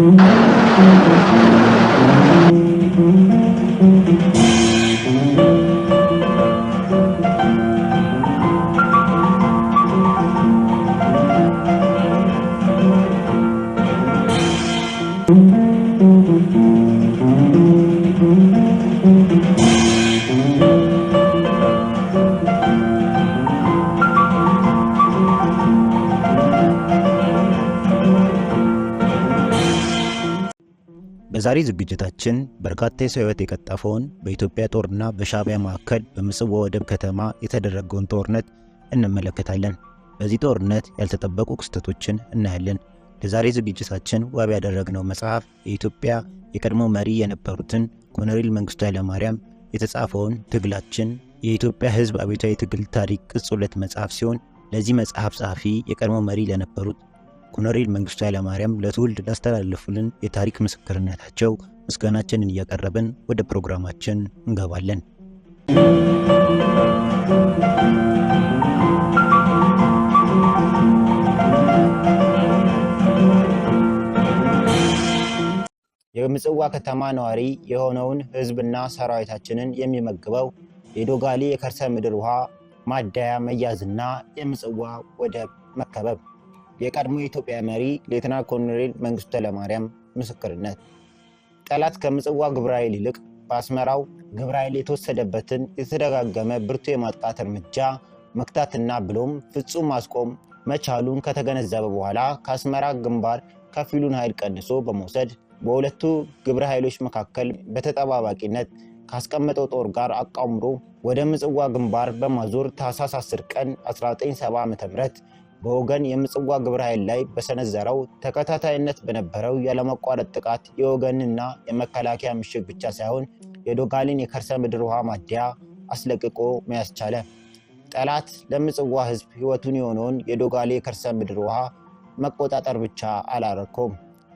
Música uhum. በዛሬ ዝግጅታችን በርካታ የሰው ህይወት የቀጠፈውን በኢትዮጵያ ጦርና በሻቢያ መካከል በምጽዋ ወደብ ከተማ የተደረገውን ጦርነት እንመለከታለን። በዚህ ጦርነት ያልተጠበቁ ክስተቶችን እናያለን። ለዛሬ ዝግጅታችን ዋቢ ያደረግነው መጽሐፍ የኢትዮጵያ የቀድሞ መሪ የነበሩትን ኮሎኔል መንግስቱ ኃይለማርያም የተጻፈውን ትግላችን የኢትዮጵያ ህዝብ አብዮታዊ ትግል ታሪክ ቅጽ ሁለት መጽሐፍ ሲሆን ለዚህ መጽሐፍ ጸሐፊ የቀድሞ መሪ ለነበሩት ኮሎኔል መንግስቱ ኃይለማርያም ለትውልድ ላስተላለፉልን የታሪክ ምስክርነታቸው ምስጋናችንን እያቀረብን ወደ ፕሮግራማችን እንገባለን። የምጽዋ ከተማ ነዋሪ የሆነውን ህዝብና ሰራዊታችንን የሚመግበው የዶጋሌ የከርሰ ምድር ውሃ ማደያ መያዝና የምጽዋ ወደብ መከበብ የቀድሞ የኢትዮጵያ መሪ ሌተና ኮሎኔል መንግስቱ ኃይለማርያም ምስክርነት ጠላት ከምጽዋ ግብረ ኃይል ይልቅ በአስመራው ግብረ ኃይል የተወሰደበትን የተደጋገመ ብርቱ የማጥቃት እርምጃ መክታትና ብሎም ፍጹም ማስቆም መቻሉን ከተገነዘበ በኋላ ከአስመራ ግንባር ከፊሉን ኃይል ቀንሶ በመውሰድ በሁለቱ ግብረ ኃይሎች መካከል በተጠባባቂነት ካስቀመጠው ጦር ጋር አቃምሮ ወደ ምጽዋ ግንባር በማዞር ታህሳስ 10 ቀን 197 ዓ ም በወገን የምጽዋ ግብረ ኃይል ላይ በሰነዘረው ተከታታይነት በነበረው ያለመቋረጥ ጥቃት የወገንና የመከላከያ ምሽግ ብቻ ሳይሆን የዶጋሊን የከርሰ ምድር ውሃ ማደያ አስለቅቆ መያዝ ቻለ። ጠላት ለምጽዋ ሕዝብ ሕይወቱን የሆነውን የዶጋሌ የከርሰ ምድር ውሃ መቆጣጠር ብቻ አላረኮም።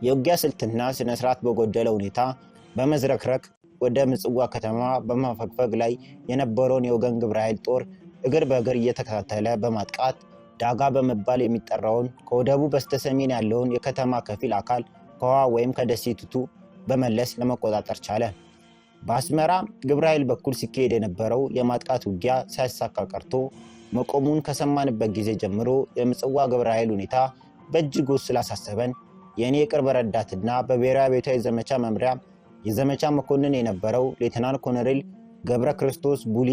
የውጊያ ስልትና ስነስርዓት በጎደለ ሁኔታ በመዝረክረክ ወደ ምጽዋ ከተማ በማፈግፈግ ላይ የነበረውን የወገን ግብረ ኃይል ጦር እግር በእግር እየተከታተለ በማጥቃት ዳጋ በመባል የሚጠራውን ከወደቡ በስተሰሜን ያለውን የከተማ ከፊል አካል ከውሃ ወይም ከደሴቲቱ በመለስ ለመቆጣጠር ቻለ። በአስመራ ግብረ ኃይል በኩል ሲካሄድ የነበረው የማጥቃት ውጊያ ሳያሳካ ቀርቶ መቆሙን ከሰማንበት ጊዜ ጀምሮ የምጽዋ ግብረ ኃይል ሁኔታ በእጅጉ ስላሳሰበን የእኔ የቅርብ ረዳትና በብሔራዊ ቤቷ የዘመቻ መምሪያ የዘመቻ መኮንን የነበረው ሌተናንት ኮሎኔል ገብረ ክርስቶስ ቡሊ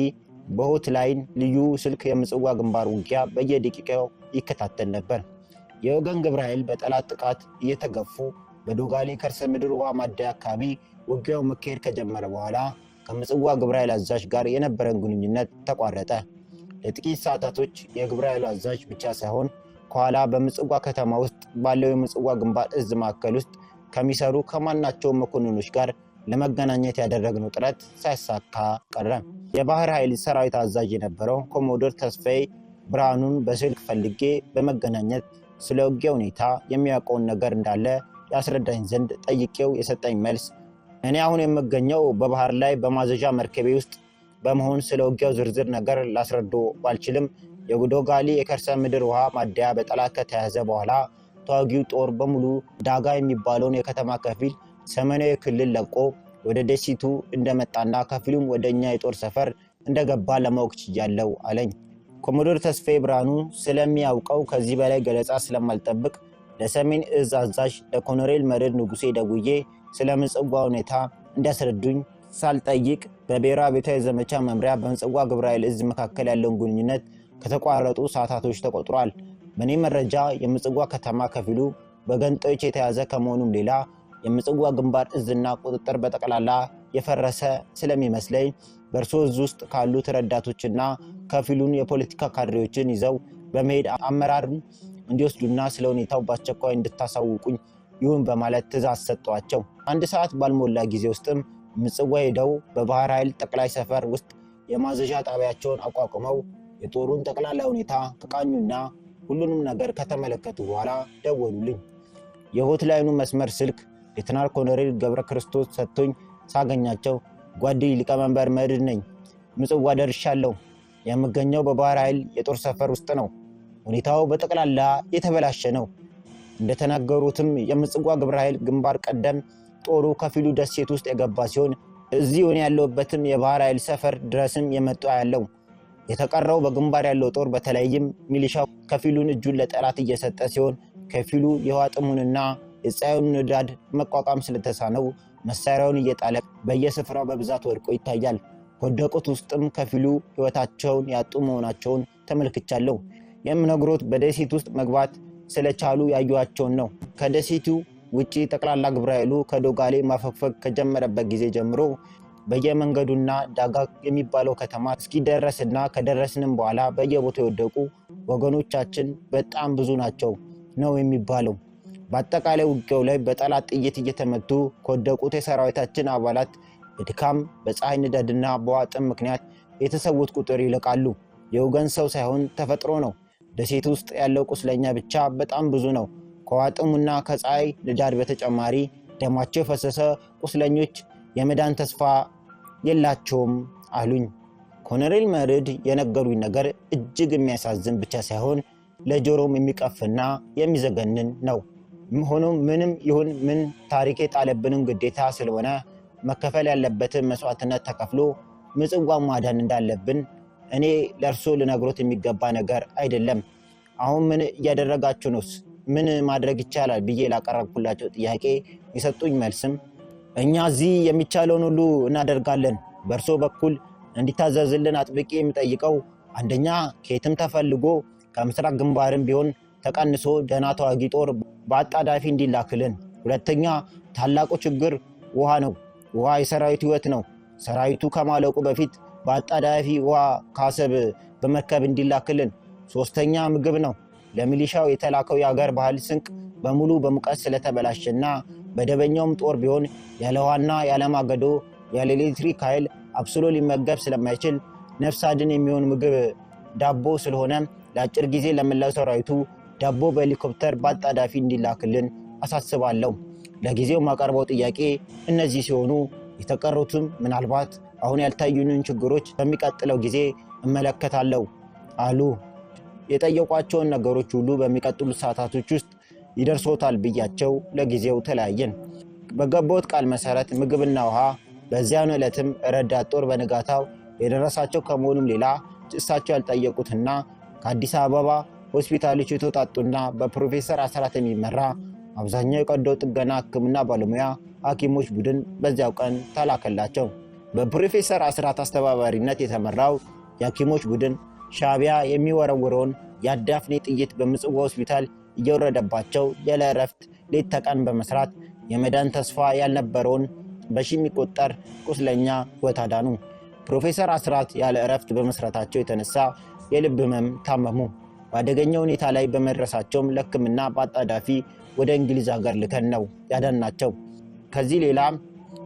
በሆትላይን ልዩ ስልክ የምጽዋ ግንባር ውጊያ በየደቂቃው ይከታተል ነበር። የወገን ግብረ ኃይል በጠላት ጥቃት እየተገፉ በዶጋሌ ከርሰ ምድር ውሃ ማደያ አካባቢ ውጊያው መካሄድ ከጀመረ በኋላ ከምጽዋ ግብረ ኃይል አዛዥ ጋር የነበረን ግንኙነት ተቋረጠ። ለጥቂት ሰዓታቶች የግብረ ኃይሉ አዛዥ ብቻ ሳይሆን ከኋላ በምጽዋ ከተማ ውስጥ ባለው የምጽዋ ግንባር እዝ ማዕከል ውስጥ ከሚሰሩ ከማናቸው መኮንኖች ጋር ለመገናኘት ያደረግነው ጥረት ሳይሳካ ቀረ። የባህር ኃይል ሰራዊት አዛዥ የነበረው ኮሞዶር ተስፋዬ ብርሃኑን በስልክ ፈልጌ በመገናኘት ስለ ውጊያ ሁኔታ የሚያውቀውን ነገር እንዳለ ያስረዳኝ ዘንድ ጠይቄው የሰጠኝ መልስ እኔ አሁን የምገኘው በባህር ላይ በማዘዣ መርከቤ ውስጥ በመሆን ስለ ውጊያው ዝርዝር ነገር ላስረዶ ባልችልም የጉዶጋሊ የከርሰ ምድር ውሃ ማደያ በጠላት ከተያዘ በኋላ ተዋጊው ጦር በሙሉ ዳጋ የሚባለውን የከተማ ከፊል ሰሜናዊ ክልል ለቆ ወደ ደሴቱ እንደመጣና ከፊሉም ወደ እኛ የጦር ሰፈር እንደገባ ለማወቅ ችያለው አለኝ። ኮሞዶር ተስፋዬ ብርሃኑ ስለሚያውቀው ከዚህ በላይ ገለጻ ስለማልጠብቅ ለሰሜን እዝ አዛዥ ለኮሎኔል መርዕድ ንጉሴ ደውዬ ስለ ምጽዋ ሁኔታ እንዲያስረዱኝ ሳልጠይቅ በብሔራዊ ቤታዊ ዘመቻ መምሪያ በምጽዋ ግብረ ኃይል እዝ መካከል ያለውን ግንኙነት ከተቋረጡ ሰዓታቶች ተቆጥሯል። በእኔ መረጃ የምጽዋ ከተማ ከፊሉ በገንጣዮች የተያዘ ከመሆኑም ሌላ የምጽዋ ግንባር እዝና ቁጥጥር በጠቅላላ የፈረሰ ስለሚመስለኝ በእርሶ እዝ ውስጥ ካሉት ረዳቶችና ከፊሉን የፖለቲካ ካድሬዎችን ይዘው በመሄድ አመራርን እንዲወስዱና ስለ ሁኔታው በአስቸኳይ እንድታሳውቁኝ ይሁን በማለት ትእዛዝ ሰጧቸው። አንድ ሰዓት ባልሞላ ጊዜ ውስጥም ምጽዋ ሄደው በባህር ኃይል ጠቅላይ ሰፈር ውስጥ የማዘዣ ጣቢያቸውን አቋቁመው የጦሩን ጠቅላላ ሁኔታ ከቃኙና ሁሉንም ነገር ከተመለከቱ በኋላ ደወሉልኝ። የሆትላይኑ መስመር ስልክ ሌተናል ኮሎኔል ገብረ ክርስቶስ ሰጥቶኝ ሳገኛቸው ጓደኝ ሊቀመንበር መድድ ነኝ፣ ምጽዋ ደርሻለሁ። የምገኘው በባህር ኃይል የጦር ሰፈር ውስጥ ነው። ሁኔታው በጠቅላላ የተበላሸ ነው። እንደተናገሩትም የምጽዋ ግብረ ኃይል ግንባር ቀደም ጦሩ ከፊሉ ደሴት ውስጥ የገባ ሲሆን እዚህ ሆን ያለውበትም የባህር ኃይል ሰፈር ድረስም የመጣ ያለው የተቀረው በግንባር ያለው ጦር በተለይም ሚሊሻው ከፊሉን እጁን ለጠላት እየሰጠ ሲሆን ከፊሉ የውሃ ጥሙንና የፀሐዩን ንዳድ መቋቋም ስለተሳነው መሳሪያውን እየጣለ በየስፍራው በብዛት ወድቆ ይታያል። ከወደቁት ውስጥም ከፊሉ ሕይወታቸውን ያጡ መሆናቸውን ተመልክቻለሁ። የምነግሮት በደሴት ውስጥ መግባት ስለቻሉ ያዩዋቸውን ነው። ከደሴቱ ውጪ ጠቅላላ ግብረ ኃይሉ ከዶጋሌ ማፈግፈግ ከጀመረበት ጊዜ ጀምሮ በየመንገዱና ዳጋ የሚባለው ከተማ እስኪደረስና ከደረስንም በኋላ በየቦታው የወደቁ ወገኖቻችን በጣም ብዙ ናቸው ነው የሚባለው። በአጠቃላይ ውጊያው ላይ በጠላት ጥይት እየተመቱ ከወደቁት የሰራዊታችን አባላት በድካም በፀሐይ ንዳድና በዋጥም ምክንያት የተሰዉት ቁጥር ይልቃሉ። የወገን ሰው ሳይሆን ተፈጥሮ ነው። ደሴት ውስጥ ያለው ቁስለኛ ብቻ በጣም ብዙ ነው። ከዋጥሙና ከፀሐይ ንዳድ በተጨማሪ ደማቸው የፈሰሰ ቁስለኞች የመዳን ተስፋ የላቸውም አሉኝ። ኮሎኔል መርድ የነገሩኝ ነገር እጅግ የሚያሳዝን ብቻ ሳይሆን ለጆሮም የሚቀፍና የሚዘገንን ነው። ሆኖም ምንም ይሁን ምን ታሪክ የጣለብንም ግዴታ ስለሆነ መከፈል ያለበትን መስዋዕትነት ተከፍሎ ምጽዋን ማዳን እንዳለብን እኔ ለእርሶ ልነግሮት የሚገባ ነገር አይደለም። አሁን ምን እያደረጋችሁ ነውስ? ምን ማድረግ ይቻላል ብዬ ላቀረብኩላቸው ጥያቄ የሰጡኝ መልስም እኛ እዚህ የሚቻለውን ሁሉ እናደርጋለን። በእርሶ በኩል እንዲታዘዝልን አጥብቄ የሚጠይቀው አንደኛ ከየትም ተፈልጎ ከምስራቅ ግንባርም ቢሆን ተቀንሶ ደህና ተዋጊ ጦር በአጣዳፊ እንዲላክልን። ሁለተኛ ታላቁ ችግር ውሃ ነው። ውሃ የሰራዊት ህይወት ነው። ሰራዊቱ ከማለቁ በፊት በአጣዳፊ ውሃ ካሰብ በመርከብ እንዲላክልን። ሶስተኛ ምግብ ነው። ለሚሊሻው የተላከው የአገር ባህል ስንቅ በሙሉ በሙቀት ስለተበላሸና መደበኛውም ጦር ቢሆን ያለ ውሃና ያለ ማገዶ ያለ ኤሌክትሪክ ኃይል አብስሎ ሊመገብ ስለማይችል ነፍስ አድን የሚሆን ምግብ ዳቦ ስለሆነ ለአጭር ጊዜ ለመላው ሰራዊቱ ዳቦ በሄሊኮፕተር በአጣዳፊ እንዲላክልን አሳስባለሁ። ለጊዜው ማቀርበው ጥያቄ እነዚህ ሲሆኑ የተቀሩትም ምናልባት አሁን ያልታዩንን ችግሮች በሚቀጥለው ጊዜ እመለከታለሁ አሉ። የጠየቋቸውን ነገሮች ሁሉ በሚቀጥሉት ሰዓታቶች ውስጥ ይደርሶታል ብያቸው ለጊዜው ተለያየን። በገባሁት ቃል መሰረት ምግብና ውሃ በዚያን ዕለትም ረዳት ጦር በንጋታው የደረሳቸው ከመሆኑም ሌላ እሳቸው ያልጠየቁትና ከአዲስ አበባ ሆስፒታሎች የተውጣጡና በፕሮፌሰር አስራት የሚመራ አብዛኛው የቀዶ ጥገና ሕክምና ባለሙያ ሐኪሞች ቡድን በዚያው ቀን ተላከላቸው። በፕሮፌሰር አስራት አስተባባሪነት የተመራው የሐኪሞች ቡድን ሻቢያ የሚወረውረውን የአዳፍኔ ጥይት በምጽዋ ሆስፒታል እየወረደባቸው ያለ ሌተቀን ሌት ተቀን በመስራት የመዳን ተስፋ ያልነበረውን በሺ የሚቆጠር ቁስለኛ ሕይወት አዳኑ። ፕሮፌሰር አስራት ያለ እረፍት በመስራታቸው የተነሳ የልብ ህመም ታመሙ። በአደገኛ ሁኔታ ላይ በመድረሳቸውም ለሕክምና በአጣዳፊ ወደ እንግሊዝ ሀገር ልከን ነው ያዳናቸው። ከዚህ ሌላ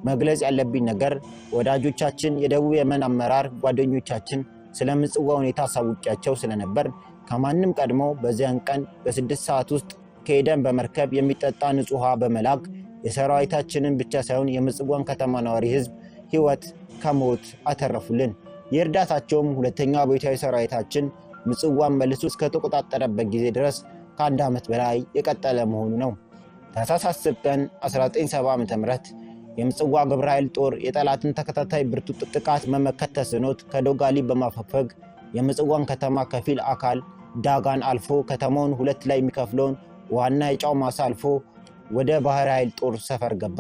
መግለጽ ያለብኝ ነገር ወዳጆቻችን፣ የደቡብ የመን አመራር ጓደኞቻችን ስለ ምጽዋ ሁኔታ አሳውቂያቸው ስለነበር ከማንም ቀድሞ በዚያን ቀን በስድስት ሰዓት ውስጥ ከኤደን በመርከብ የሚጠጣ ንጹህ ውሃ በመላክ የሰራዊታችንን ብቻ ሳይሆን የምጽዋን ከተማ ነዋሪ ህዝብ ህይወት ከሞት አተረፉልን። የእርዳታቸውም ሁለተኛው አብዮታዊ ሰራዊታችን ምጽዋን መልሶ እስከተቆጣጠረበት ጊዜ ድረስ ከአንድ ዓመት በላይ የቀጠለ መሆኑ ነው። ታኅሳስ 10 ቀን 197 ዓ ም የምጽዋ ግብረ ኃይል ጦር የጠላትን ተከታታይ ብርቱ ጥቃት መመከት ተስኖት ከዶጋሊ በማፈግፈግ የምጽዋን ከተማ ከፊል አካል ዳጋን አልፎ ከተማውን ሁለት ላይ የሚከፍለውን ዋና የጫው ማሳ አልፎ ወደ ባህር ኃይል ጦር ሰፈር ገባ።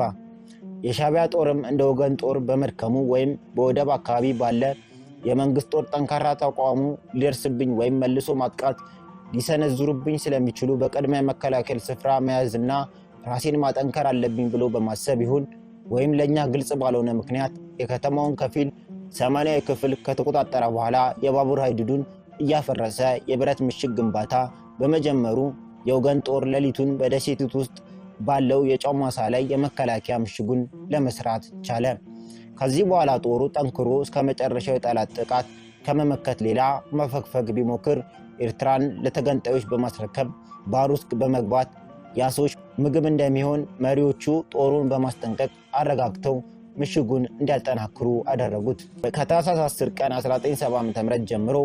የሻቢያ ጦርም እንደ ወገን ጦር በመድከሙ ወይም በወደብ አካባቢ ባለ የመንግስት ጦር ጠንካራ ተቋሙ ሊደርስብኝ ወይም መልሶ ማጥቃት ሊሰነዝሩብኝ ስለሚችሉ በቅድሚያ መከላከል ስፍራ መያዝና ራሴን ማጠንከር አለብኝ ብሎ በማሰብ ይሁን ወይም ለእኛ ግልጽ ባልሆነ ምክንያት የከተማውን ከፊል ሰማንያዊ ክፍል ከተቆጣጠረ በኋላ የባቡር ሀዲዱን እያፈረሰ የብረት ምሽግ ግንባታ በመጀመሩ የወገን ጦር ሌሊቱን በደሴቲት ውስጥ ባለው የጨው ማሳ ላይ የመከላከያ ምሽጉን ለመስራት ቻለ። ከዚህ በኋላ ጦሩ ጠንክሮ እስከ መጨረሻው የጠላት ጥቃት ከመመከት ሌላ መፈግፈግ ቢሞክር ኤርትራን ለተገንጣዮች በማስረከብ ባህር ውስጥ በመግባት ያሶች ምግብ እንደሚሆን መሪዎቹ ጦሩን በማስጠንቀቅ አረጋግተው ምሽጉን እንዲያጠናክሩ አደረጉት። ከታህሳስ 10 ቀን 1970 ዓ.ም ጀምሮ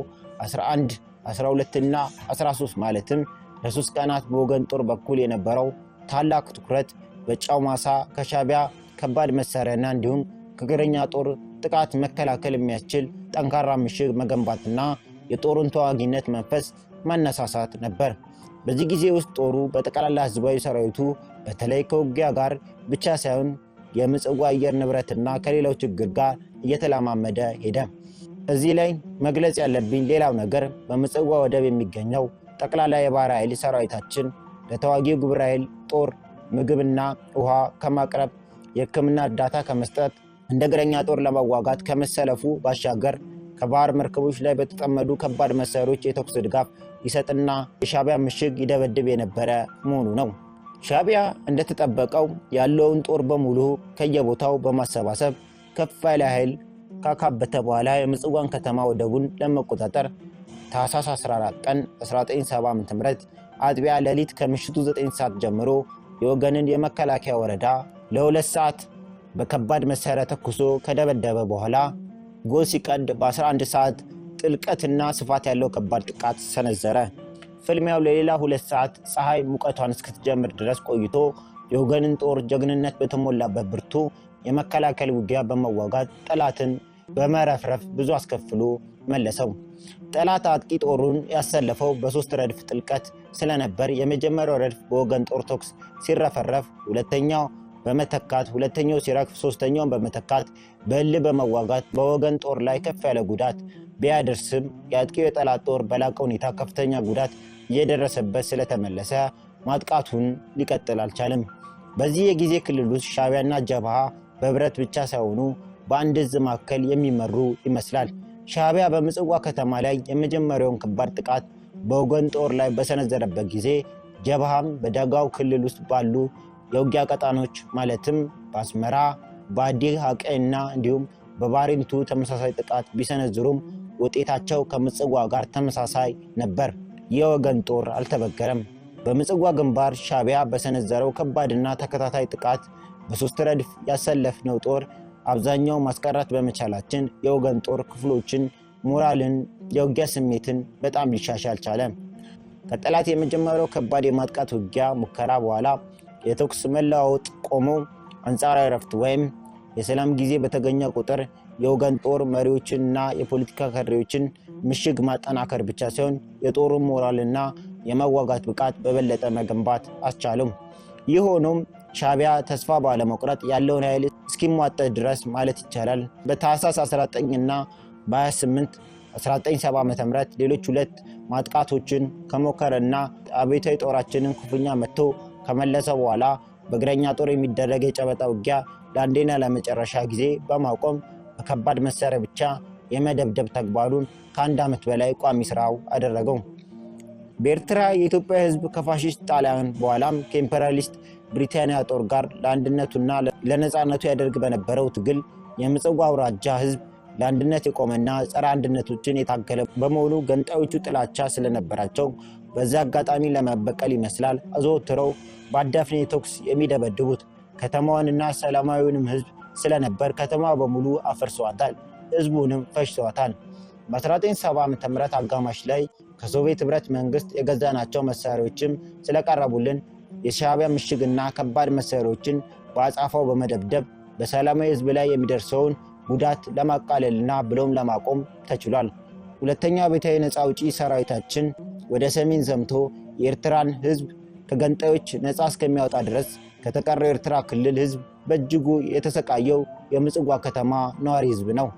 11፣ 12 እና 13 ማለትም ለሶስት ቀናት በወገን ጦር በኩል የነበረው ታላቅ ትኩረት በጫው ማሳ ከሻቢያ ከባድ መሳሪያና እንዲሁም ከእግረኛ ጦር ጥቃት መከላከል የሚያስችል ጠንካራ ምሽግ መገንባትና የጦሩን ተዋጊነት መንፈስ ማነሳሳት ነበር። በዚህ ጊዜ ውስጥ ጦሩ በጠቅላላ ህዝባዊ ሰራዊቱ በተለይ ከውጊያ ጋር ብቻ ሳይሆን የምጽዋ አየር ንብረትና ከሌላው ችግር ጋር እየተለማመደ ሄደ። እዚህ ላይ መግለጽ ያለብኝ ሌላው ነገር በምጽዋ ወደብ የሚገኘው ጠቅላላ የባህር ኃይል ሰራዊታችን ለተዋጊው ግብረ ኃይል ጦር ምግብና ውሃ ከማቅረብ የህክምና እርዳታ ከመስጠት እንደ እግረኛ ጦር ለመዋጋት ከመሰለፉ ባሻገር ከባህር መርከቦች ላይ በተጠመዱ ከባድ መሳሪያዎች የተኩስ ድጋፍ ይሰጥና የሻቢያ ምሽግ ይደበድብ የነበረ መሆኑ ነው። ሻቢያ እንደተጠበቀው ያለውን ጦር በሙሉ ከየቦታው በማሰባሰብ ከፍ ያለ ኃይል ካካበተ በኋላ የምጽዋን ከተማ ወደቡን ለመቆጣጠር ታህሳስ 14 ቀን 1970 ዓ.ም አጥቢያ ሌሊት ከምሽቱ 9 ሰዓት ጀምሮ የወገንን የመከላከያ ወረዳ ለሁለት ሰዓት በከባድ መሳሪያ ተኩሶ ከደበደበ በኋላ ጎል ሲቀድ በ11 ሰዓት ጥልቀትና ስፋት ያለው ከባድ ጥቃት ሰነዘረ። ፍልሚያው ለሌላ ሁለት ሰዓት ፀሐይ ሙቀቷን እስክትጀምር ድረስ ቆይቶ የወገንን ጦር ጀግንነት በተሞላበት ብርቱ የመከላከል ውጊያ በመዋጋት ጠላትን በመረፍረፍ ብዙ አስከፍሎ መለሰው። ጠላት አጥቂ ጦሩን ያሰለፈው በሶስት ረድፍ ጥልቀት ስለነበር የመጀመሪያው ረድፍ በወገን ጦር ተኩስ ሲረፈረፍ፣ ሁለተኛው በመተካት ሁለተኛው ሲራክ ሶስተኛውን በመተካት በል በመዋጋት በወገን ጦር ላይ ከፍ ያለ ጉዳት ቢያደርስም የአጥቂው የጠላት ጦር በላቀ ሁኔታ ከፍተኛ ጉዳት እየደረሰበት ስለተመለሰ ማጥቃቱን ሊቀጥል አልቻለም። በዚህ የጊዜ ክልል ውስጥ ሻቢያና ጀብሃ በብረት ብቻ ሳይሆኑ በአንድ እዝ መካከል የሚመሩ ይመስላል። ሻቢያ በምጽዋ ከተማ ላይ የመጀመሪያውን ከባድ ጥቃት በወገን ጦር ላይ በሰነዘረበት ጊዜ ጀብሃም በደጋው ክልል ውስጥ ባሉ የውጊያ ቀጣኖች ማለትም በአስመራ በአዲ ሀቀና እንዲሁም በባሪንቱ ተመሳሳይ ጥቃት ቢሰነዝሩም ውጤታቸው ከምጽዋ ጋር ተመሳሳይ ነበር። የወገን ጦር አልተበገረም። በምጽዋ ግንባር ሻቢያ በሰነዘረው ከባድና ተከታታይ ጥቃት በሶስት ረድፍ ያሰለፍነው ጦር አብዛኛው ማስቀረት በመቻላችን የወገን ጦር ክፍሎችን ሞራልን፣ የውጊያ ስሜትን በጣም ሊሻሻል ቻለ። ከጠላት የመጀመሪያው ከባድ የማጥቃት ውጊያ ሙከራ በኋላ የተኩስ መለዋወጥ ቆሞ አንጻራዊ ረፍት ወይም የሰላም ጊዜ በተገኘ ቁጥር የወገን ጦር መሪዎችንና የፖለቲካ ካድሬዎችን ምሽግ ማጠናከር ብቻ ሳይሆን የጦሩን ሞራልና የመዋጋት ብቃት በበለጠ መገንባት አስቻሉም። ይህ ሆኖም ተስፋ ባለመቁረጥ ያለውን ኃይል እስኪሟጠት ድረስ ማለት ይቻላል በታህሳስ 19 እና በ28 1970 ዓ ም ሌሎች ሁለት ማጥቃቶችን ከሞከረና አብዮታዊ ጦራችንን ክፉኛ መጥቶ ከመለሰ በኋላ በእግረኛ ጦር የሚደረግ የጨበጣ ውጊያ ለአንዴና ለመጨረሻ ጊዜ በማቆም በከባድ መሳሪያ ብቻ የመደብደብ ተግባሩን ከአንድ ዓመት በላይ ቋሚ ስራው አደረገው። በኤርትራ የኢትዮጵያ ሕዝብ ከፋሽስት ጣሊያን በኋላም ከኢምፔሪያሊስት ብሪታንያ ጦር ጋር ለአንድነቱና ለነፃነቱ ያደርግ በነበረው ትግል የምጽዋ አውራጃ ሕዝብ ለአንድነት የቆመና ጸረ አንድነቶችን የታገለ በመሆኑ ገንጣዮቹ ጥላቻ ስለነበራቸው በዚህ አጋጣሚ ለመበቀል ይመስላል አዘወትረው በአዳፍኔ ተኩስ የሚደበድቡት። ከተማዋንና ሰላማዊውንም ህዝብ ስለነበር ከተማ በሙሉ አፈርሰዋታል፣ ህዝቡንም ፈጅተዋታል። በ1970 ም አጋማሽ ላይ ከሶቪየት ህብረት መንግስት የገዛናቸው መሳሪያዎችም ስለቀረቡልን የሻቢያ ምሽግና ከባድ መሳሪያዎችን በአጻፋው በመደብደብ በሰላማዊ ህዝብ ላይ የሚደርሰውን ጉዳት ለማቃለል ብሎም ለማቆም ተችሏል። ሁለተኛ ቤታዊ ነፃ አውጪ ሰራዊታችን ወደ ሰሜን ዘምቶ የኤርትራን ህዝብ ከገንጣዮች ነፃ እስከሚያወጣ ድረስ ከተቀረው የኤርትራ ክልል ህዝብ በእጅጉ የተሰቃየው የምጽዋ ከተማ ነዋሪ ህዝብ ነው።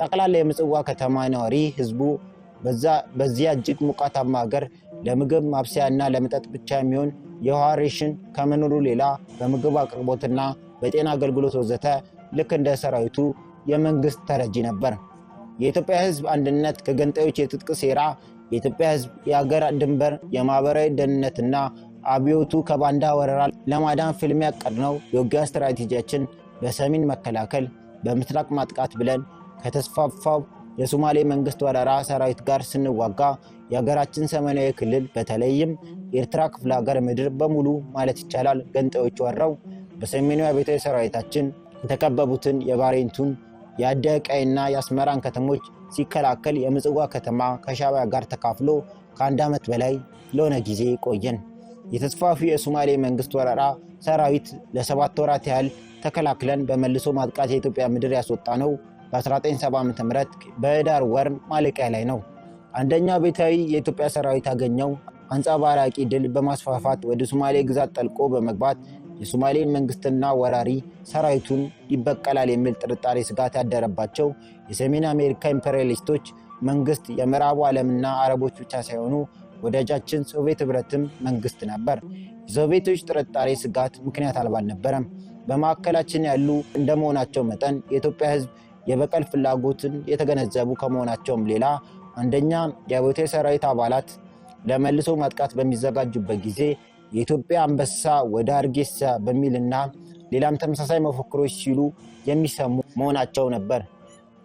ጠቅላላ የምጽዋ ከተማ ነዋሪ ህዝቡ በዚያ እጅግ ሙቃታማ ሀገር ለምግብ ማብሰያና ለመጠጥ ብቻ የሚሆን የውሃ ሬሽን ከመኖሩ ሌላ በምግብ አቅርቦትና በጤና አገልግሎት ወዘተ ልክ እንደ ሰራዊቱ የመንግስት ተረጂ ነበር። የኢትዮጵያ ህዝብ አንድነት ከገንጣዮች የትጥቅ ሴራ፣ የኢትዮጵያ ህዝብ የአገር ድንበር፣ የማህበራዊ ደህንነትና አብዮቱ ከባንዳ ወረራ ለማዳን ፍልሚያ ያቀድነው የውጊያ ስትራቴጂያችን በሰሜን መከላከል፣ በምስራቅ ማጥቃት ብለን ከተስፋፋው የሶማሌ መንግስት ወረራ ሰራዊት ጋር ስንዋጋ የሀገራችን ሰሜናዊ ክልል በተለይም ኤርትራ ክፍለ ሀገር ምድር በሙሉ ማለት ይቻላል ገንጣዮች ወረው በሰሜናዊ ቤታዊ ሰራዊታችን የተከበቡትን የባሬንቱን የአደቀይና የአስመራን ከተሞች ሲከላከል የምጽዋ ከተማ ከሻባያ ጋር ተካፍሎ ከአንድ ዓመት በላይ ለሆነ ጊዜ ቆየን። የተስፋፊው የሶማሌ መንግስት ወረራ ሰራዊት ለሰባት ወራት ያህል ተከላክለን በመልሶ ማጥቃት የኢትዮጵያ ምድር ያስወጣ ነው በ1970 ዓ.ም በህዳር ወር ማለቂያ ላይ ነው። አንደኛ ቤታዊ የኢትዮጵያ ሰራዊት ያገኘው አንጸባራቂ ድል በማስፋፋት ወደ ሶማሌ ግዛት ጠልቆ በመግባት የሶማሌን መንግስትና ወራሪ ሰራዊቱን ይበቀላል የሚል ጥርጣሬ ስጋት ያደረባቸው የሰሜን አሜሪካ ኢምፔሪያሊስቶች መንግስት የምዕራቡ ዓለምና አረቦች ብቻ ሳይሆኑ ወዳጃችን ሶቪየት ህብረትም መንግስት ነበር። የሶቪየቶች ጥርጣሬ ስጋት ምክንያት አልባ አልነበረም። በማዕከላችን ያሉ እንደመሆናቸው መጠን የኢትዮጵያ ህዝብ የበቀል ፍላጎትን የተገነዘቡ ከመሆናቸውም ሌላ አንደኛ የቦቴ ሰራዊት አባላት ለመልሶ ማጥቃት በሚዘጋጁበት ጊዜ የኢትዮጵያ አንበሳ ወደ ሀርጌሳ በሚልና ሌላም ተመሳሳይ መፈክሮች ሲሉ የሚሰሙ መሆናቸው ነበር።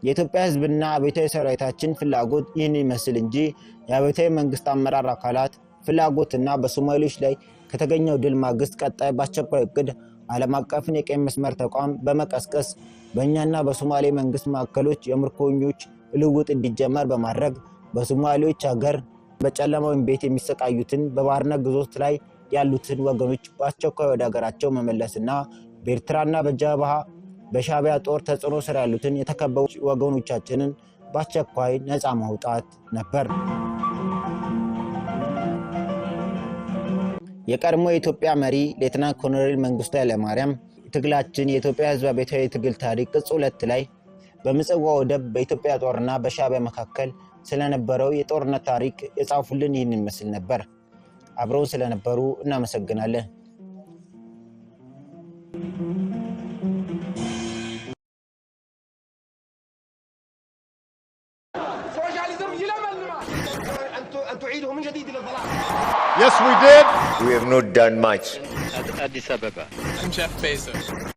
የኢትዮጵያ ሕዝብና አብዮታዊ ሰራዊታችን ፍላጎት ይህን ይመስል እንጂ የአብዮታዊ መንግስት አመራር አካላት ፍላጎትና በሶማሌዎች ላይ ከተገኘው ድል ማግስት ቀጣይ በአስቸኳይ እቅድ ዓለም አቀፍን የቀይ መስመር ተቋም በመቀስቀስ በእኛና በሶማሌ መንግስት ማዕከሎች የምርኮኞች ልውውጥ እንዲጀመር በማድረግ በሶማሌዎች ሀገር በጨለማዊ ቤት የሚሰቃዩትን በባርነት ግዞት ላይ ያሉትን ወገኖች በአስቸኳይ ወደ ሀገራቸው መመለስና በኤርትራና በጃባሃ በሻቢያ ጦር ተጽዕኖ ስር ያሉትን የተከበቡ ወገኖቻችንን በአስቸኳይ ነፃ ማውጣት ነበር። የቀድሞ የኢትዮጵያ መሪ ሌትና ኮሎኔል መንግስቱ ኃይለማርያም ትግላችን የኢትዮጵያ ህዝብ አብዮታዊ ትግል ታሪክ ቅጽ ሁለት ላይ በምጽዋ ወደብ በኢትዮጵያ ጦርና በሻቢያ መካከል ስለነበረው የጦርነት ታሪክ የጻፉልን ይህን ይመስል ነበር። አብረውን ስለነበሩ እናመሰግናለን። Yes, we did. We have not done much. Addis Ababa. Jeff Bezos.